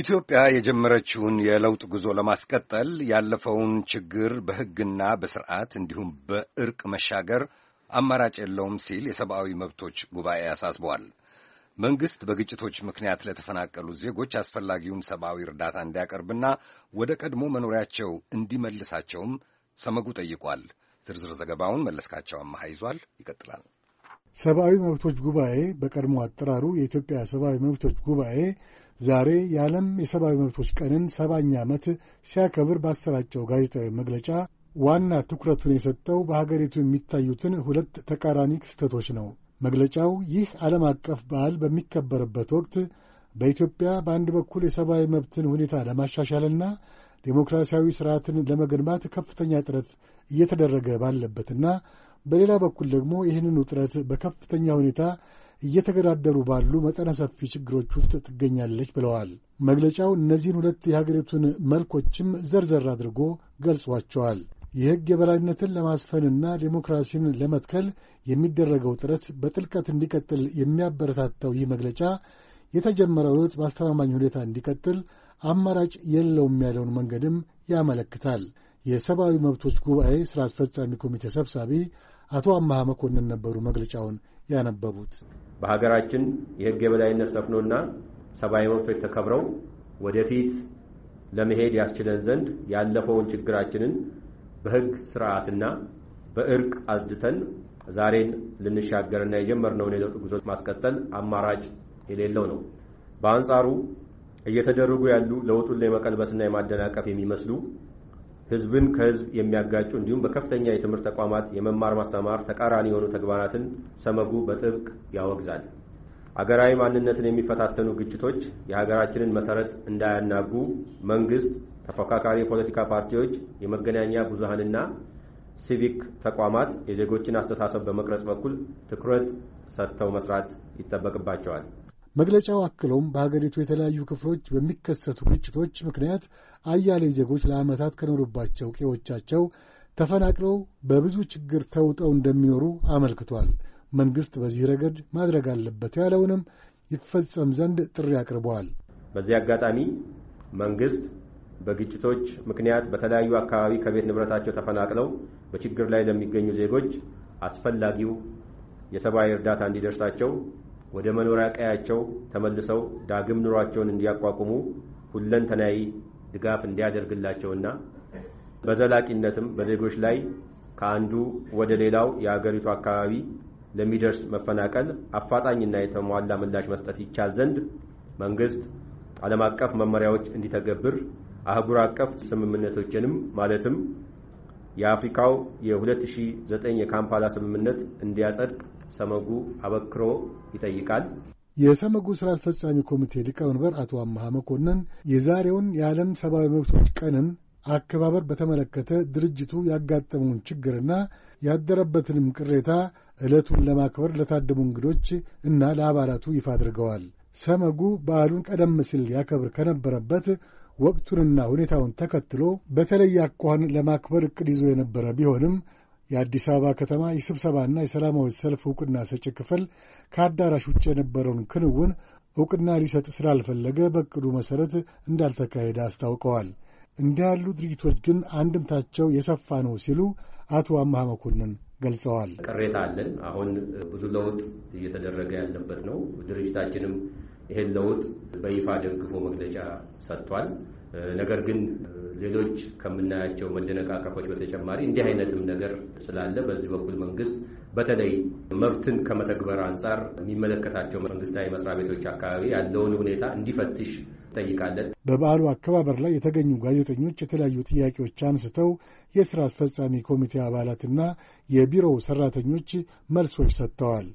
ኢትዮጵያ የጀመረችውን የለውጥ ጉዞ ለማስቀጠል ያለፈውን ችግር በሕግና በስርዓት እንዲሁም በእርቅ መሻገር አማራጭ የለውም ሲል የሰብአዊ መብቶች ጉባኤ አሳስበዋል። መንግሥት በግጭቶች ምክንያት ለተፈናቀሉ ዜጎች አስፈላጊውን ሰብአዊ እርዳታ እንዲያቀርብና ወደ ቀድሞ መኖሪያቸው እንዲመልሳቸውም ሰመጉ ጠይቋል። ዝርዝር ዘገባውን መለስካቸው አማሃ ይዟል። ይቀጥላል። ሰብአዊ መብቶች ጉባኤ በቀድሞ አጠራሩ የኢትዮጵያ ሰብአዊ መብቶች ጉባኤ ዛሬ የዓለም የሰብአዊ መብቶች ቀንን ሰባኛ ዓመት ሲያከብር ባሰራጨው ጋዜጣዊ መግለጫ ዋና ትኩረቱን የሰጠው በሀገሪቱ የሚታዩትን ሁለት ተቃራኒ ክስተቶች ነው። መግለጫው ይህ ዓለም አቀፍ በዓል በሚከበርበት ወቅት በኢትዮጵያ በአንድ በኩል የሰብአዊ መብትን ሁኔታ ለማሻሻልና ዴሞክራሲያዊ ስርዓትን ለመገንባት ከፍተኛ ጥረት እየተደረገ ባለበትና በሌላ በኩል ደግሞ ይህንን ውጥረት በከፍተኛ ሁኔታ እየተገዳደሩ ባሉ መጠነ ሰፊ ችግሮች ውስጥ ትገኛለች ብለዋል። መግለጫው እነዚህን ሁለት የሀገሪቱን መልኮችም ዘርዘር አድርጎ ገልጿቸዋል። የሕግ የበላይነትን ለማስፈንና ዴሞክራሲን ለመትከል የሚደረገው ጥረት በጥልቀት እንዲቀጥል የሚያበረታታው ይህ መግለጫ የተጀመረው ለውጥ በአስተማማኝ ሁኔታ እንዲቀጥል አማራጭ የለውም ያለውን መንገድም ያመለክታል። የሰብአዊ መብቶች ጉባኤ ሥራ አስፈጻሚ ኮሚቴ ሰብሳቢ አቶ አማ መኮንን ነበሩ መግለጫውን ያነበቡት። በሀገራችን የህግ የበላይነት ሰፍኖና ሰብአዊ መብቶች ተከብረው ወደፊት ለመሄድ ያስችለን ዘንድ ያለፈውን ችግራችንን በህግ ስርዓትና በእርቅ አዝድተን ዛሬን ልንሻገርና የጀመርነውን የለውጥ ጉዞ ማስቀጠል አማራጭ የሌለው ነው። በአንጻሩ እየተደረጉ ያሉ ለውጡን የመቀልበስና የማደናቀፍ የሚመስሉ ህዝብን ከህዝብ የሚያጋጩ እንዲሁም በከፍተኛ የትምህርት ተቋማት የመማር ማስተማር ተቃራኒ የሆኑ ተግባራትን ሰመጉ በጥብቅ ያወግዛል። አገራዊ ማንነትን የሚፈታተኑ ግጭቶች የሀገራችንን መሰረት እንዳያናጉ መንግስት፣ ተፎካካሪ የፖለቲካ ፓርቲዎች፣ የመገናኛ ብዙሃንና ሲቪክ ተቋማት የዜጎችን አስተሳሰብ በመቅረጽ በኩል ትኩረት ሰጥተው መስራት ይጠበቅባቸዋል። መግለጫው አክሎም በሀገሪቱ የተለያዩ ክፍሎች በሚከሰቱ ግጭቶች ምክንያት አያሌ ዜጎች ለዓመታት ከኖሩባቸው ቄዎቻቸው ተፈናቅለው በብዙ ችግር ተውጠው እንደሚኖሩ አመልክቷል። መንግሥት በዚህ ረገድ ማድረግ አለበት ያለውንም ይፈጸም ዘንድ ጥሪ አቅርበዋል። በዚህ አጋጣሚ መንግሥት በግጭቶች ምክንያት በተለያዩ አካባቢ ከቤት ንብረታቸው ተፈናቅለው በችግር ላይ ለሚገኙ ዜጎች አስፈላጊው የሰብአዊ እርዳታ እንዲደርሳቸው ወደ መኖሪያ ቀያቸው ተመልሰው ዳግም ኑሯቸውን እንዲያቋቁሙ ሁለንተናዊ ድጋፍ እንዲያደርግላቸውና በዘላቂነትም በዜጎች ላይ ከአንዱ ወደ ሌላው የአገሪቱ አካባቢ ለሚደርስ መፈናቀል አፋጣኝና የተሟላ ምላሽ መስጠት ይቻል ዘንድ መንግስት ዓለም አቀፍ መመሪያዎች እንዲተገብር አህጉር አቀፍ ስምምነቶችንም ማለትም የአፍሪካው የ2009 የካምፓላ ስምምነት እንዲያጸድቅ ሰመጉ አበክሮ ይጠይቃል። የሰመጉ ስራ አስፈጻሚ ኮሚቴ ሊቀመንበር አቶ አመሃ መኮንን የዛሬውን የዓለም ሰብአዊ መብቶች ቀንን አከባበር በተመለከተ ድርጅቱ ያጋጠመውን ችግርና ያደረበትንም ቅሬታ ዕለቱን ለማክበር ለታደሙ እንግዶች እና ለአባላቱ ይፋ አድርገዋል። ሰመጉ በዓሉን ቀደም ሲል ያከብር ከነበረበት ወቅቱንና ሁኔታውን ተከትሎ በተለየ አኳኋን ለማክበር ዕቅድ ይዞ የነበረ ቢሆንም የአዲስ አበባ ከተማ የስብሰባና የሰላማዊ ሰልፍ እውቅና ሰጪ ክፍል ከአዳራሽ ውጭ የነበረውን ክንውን እውቅና ሊሰጥ ስላልፈለገ በእቅዱ መሠረት እንዳልተካሄደ አስታውቀዋል። እንዲህ ያሉ ድርጊቶች ግን አንድምታቸው የሰፋ ነው ሲሉ አቶ አምሃ መኮንን ገልጸዋል። ቅሬታ አለን። አሁን ብዙ ለውጥ እየተደረገ ያለበት ነው። ድርጅታችንም ይህን ለውጥ በይፋ ደግፎ መግለጫ ሰጥቷል። ነገር ግን ሌሎች ከምናያቸው መደነቃቀፎች በተጨማሪ እንዲህ አይነትም ነገር ስላለ በዚህ በኩል መንግስት በተለይ መብትን ከመተግበር አንጻር የሚመለከታቸው መንግስታዊ መስሪያ ቤቶች አካባቢ ያለውን ሁኔታ እንዲፈትሽ ጠይቃለን። በበዓሉ አከባበር ላይ የተገኙ ጋዜጠኞች የተለያዩ ጥያቄዎች አንስተው የስራ አስፈጻሚ ኮሚቴ አባላትና የቢሮው ሰራተኞች መልሶች ሰጥተዋል።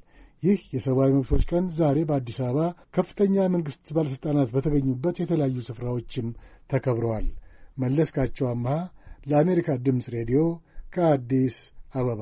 ይህ የሰብአዊ መብቶች ቀን ዛሬ በአዲስ አበባ ከፍተኛ የመንግሥት ባለሥልጣናት በተገኙበት የተለያዩ ስፍራዎችም ተከብረዋል። መለስካቸው አምሃ ለአሜሪካ ድምፅ ሬዲዮ ከአዲስ አበባ